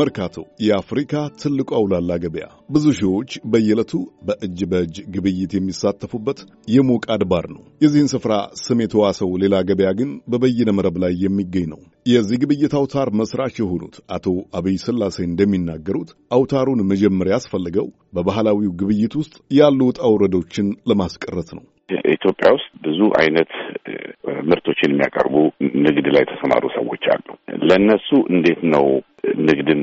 መርካቶ የአፍሪካ ትልቁ አውላላ ገበያ ብዙ ሺዎች በየዕለቱ በእጅ በእጅ ግብይት የሚሳተፉበት የሞቅ አድባር ነው። የዚህን ስፍራ ስም የተዋሰው ሌላ ገበያ ግን በበይነ መረብ ላይ የሚገኝ ነው። የዚህ ግብይት አውታር መስራች የሆኑት አቶ አብይ ስላሴ እንደሚናገሩት አውታሩን መጀመሪያ ያስፈለገው በባህላዊው ግብይት ውስጥ ያሉ ውጣ ውረዶችን ለማስቀረት ነው። ኢትዮጵያ ውስጥ ብዙ አይነት ምርቶችን የሚያቀርቡ ንግድ ላይ የተሰማሩ ሰዎች አሉ። ለእነሱ እንዴት ነው ንግድን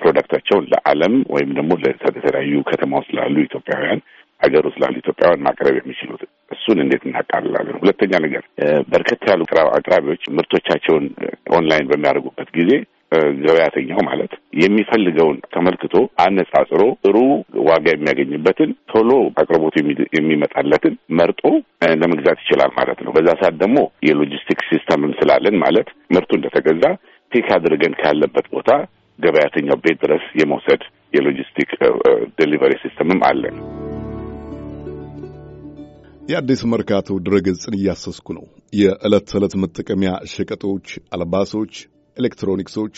ፕሮዳክታቸውን ለዓለም ወይም ደግሞ ለተለያዩ ከተማ ውስጥ ላሉ ኢትዮጵያውያን ሀገር ውስጥ ላሉ ኢትዮጵያውያን ማቅረብ የሚችሉት እሱን እንዴት እናቃልላለን? ሁለተኛ ነገር በርከት ያሉ አቅራቢዎች ምርቶቻቸውን ኦንላይን በሚያደርጉበት ጊዜ ገበያተኛው ማለት የሚፈልገውን ተመልክቶ አነጻጽሮ ጥሩ ዋጋ የሚያገኝበትን ቶሎ አቅርቦት የሚመጣለትን መርጦ ለመግዛት ይችላል ማለት ነው። በዛ ሰዓት ደግሞ የሎጂስቲክስ ሲስተም ስላለን ማለት ምርቱ እንደተገዛ ፒክ አድርገን ካለበት ቦታ ገበያተኛው ቤት ድረስ የመውሰድ የሎጂስቲክ ዴሊቨሪ ሲስተምም አለን። የአዲስ መርካቶ ድረገጽን እያሰስኩ ነው። የዕለት ተዕለት መጠቀሚያ ሸቀጦች፣ አልባሶች፣ ኤሌክትሮኒክሶች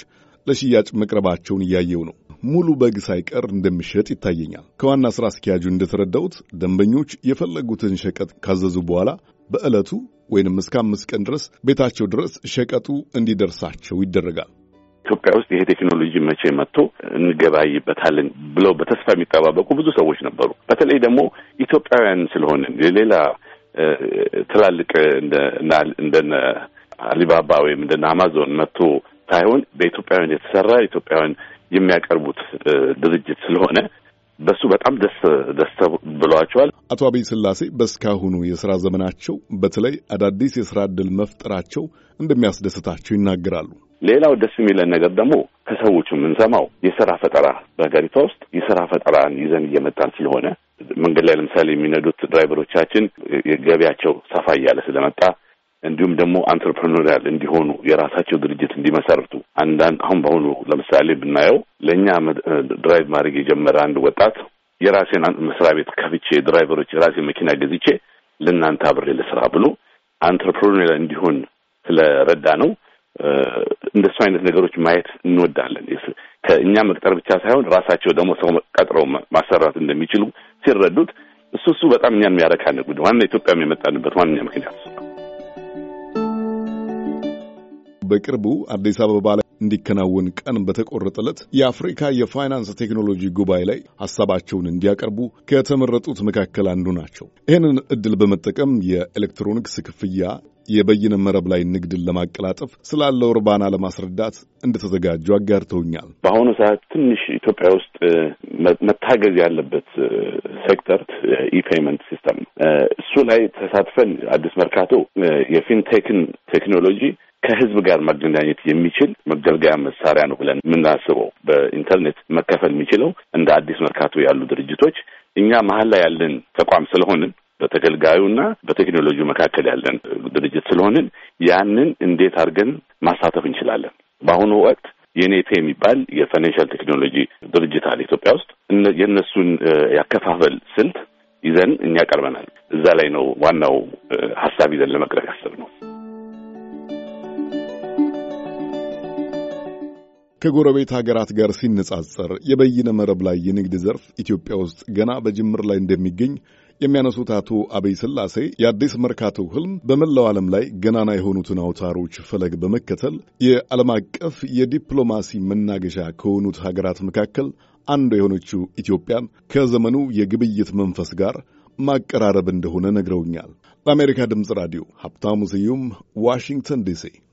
ለሽያጭ መቅረባቸውን እያየው ነው። ሙሉ በግ ሳይቀር እንደሚሸጥ ይታየኛል። ከዋና ሥራ አስኪያጁ እንደተረዳሁት ደንበኞች የፈለጉትን ሸቀጥ ካዘዙ በኋላ በዕለቱ ወይንም እስከ አምስት ቀን ድረስ ቤታቸው ድረስ ሸቀጡ እንዲደርሳቸው ይደረጋል። ኢትዮጵያ ውስጥ ይሄ ቴክኖሎጂ መቼ መጥቶ እንገባይበታለን ብለው በተስፋ የሚጠባበቁ ብዙ ሰዎች ነበሩ። በተለይ ደግሞ ኢትዮጵያውያን ስለሆንን የሌላ ትላልቅ እንደነ አሊባባ ወይም እንደነ አማዞን መጥቶ ሳይሆን በኢትዮጵያውያን የተሰራ ኢትዮጵያውያን የሚያቀርቡት ድርጅት ስለሆነ በሱ በጣም ደስ ደስ ብሏቸዋል። አቶ አብይ ስላሴ በእስካሁኑ የስራ ዘመናቸው በተለይ አዳዲስ የስራ እድል መፍጠራቸው እንደሚያስደስታቸው ይናገራሉ። ሌላው ደስ የሚለን ነገር ደግሞ ከሰዎቹ የምንሰማው የስራ ፈጠራ በሀገሪቷ ውስጥ የስራ ፈጠራን ይዘን እየመጣን ስለሆነ መንገድ ላይ ለምሳሌ የሚነዱት ድራይቨሮቻችን የገቢያቸው ሰፋ እያለ ስለመጣ እንዲሁም ደግሞ አንትርፕርኖሪያል እንዲሆኑ የራሳቸው ድርጅት እንዲመሰርቱ አንዳንድ አሁን በአሁኑ ለምሳሌ ብናየው ለእኛ ድራይቭ ማድረግ የጀመረ አንድ ወጣት የራሴን መስሪያ ቤት ከፍቼ ድራይቨሮች የራሴን መኪና ገዝቼ ለእናንተ አብሬ ልስራ ብሎ አንትርፕረኖሪያል እንዲሆን ስለረዳ ነው። እንደሱ አይነት ነገሮች ማየት እንወዳለን። ከእኛ መቅጠር ብቻ ሳይሆን ራሳቸው ደግሞ ሰው ቀጥረው ማሰራት እንደሚችሉ ሲረዱት እሱ እሱ በጣም እኛን የሚያረካ የሚያረካን ዋና ኢትዮጵያም የመጣንበት ዋነኛ ምክንያት በቅርቡ አዲስ አበባ ላይ እንዲከናወን ቀን በተቆረጠለት የአፍሪካ የፋይናንስ ቴክኖሎጂ ጉባኤ ላይ ሀሳባቸውን እንዲያቀርቡ ከተመረጡት መካከል አንዱ ናቸው። ይህንን እድል በመጠቀም የኤሌክትሮኒክስ ክፍያ የበይነ መረብ ላይ ንግድን ለማቀላጠፍ ስላለው እርባና ለማስረዳት እንደተዘጋጁ አጋርተውኛል። በአሁኑ ሰዓት ትንሽ ኢትዮጵያ ውስጥ መታገዝ ያለበት ሴክተር ኢፔይመንት ሲስተም ነው። እሱ ላይ ተሳትፈን አዲስ መርካቶ የፊንቴክን ቴክኖሎጂ ከህዝብ ጋር ማገናኘት የሚችል መገልገያ መሳሪያ ነው ብለን የምናስበው በኢንተርኔት መከፈል የሚችለው እንደ አዲስ መርካቶ ያሉ ድርጅቶች እኛ መሀል ላይ ያለን ተቋም ስለሆንን ና በቴክኖሎጂ መካከል ያለን ድርጅት ስለሆንን ያንን እንዴት አድርገን ማሳተፍ እንችላለን። በአሁኑ ወቅት የኔፔ የሚባል የፋይናንሻል ቴክኖሎጂ ድርጅት አለ ኢትዮጵያ ውስጥ። የእነሱን ያከፋፈል ስልት ይዘን እኛ ቀርበናል። እዛ ላይ ነው ዋናው ሀሳብ ይዘን ለመቅረብ ያሰብነው። ከጎረቤት ሀገራት ጋር ሲነጻጸር የበይነ መረብ ላይ የንግድ ዘርፍ ኢትዮጵያ ውስጥ ገና በጅምር ላይ እንደሚገኝ የሚያነሱት አቶ አበይ ስላሴ የአዲስ መርካቶ ህልም በመላው ዓለም ላይ ገናና የሆኑትን አውታሮች ፈለግ በመከተል የዓለም አቀፍ የዲፕሎማሲ መናገሻ ከሆኑት ሀገራት መካከል አንዱ የሆነችው ኢትዮጵያን ከዘመኑ የግብይት መንፈስ ጋር ማቀራረብ እንደሆነ ነግረውኛል። ለአሜሪካ ድምፅ ራዲዮ ሀብታሙ ስዩም ዋሽንግተን ዲሲ